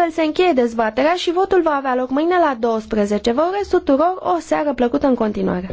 Astfel se încheie dezbaterea și votul va avea loc mâine la 12. Vă urez tuturor o seară plăcută în continuare.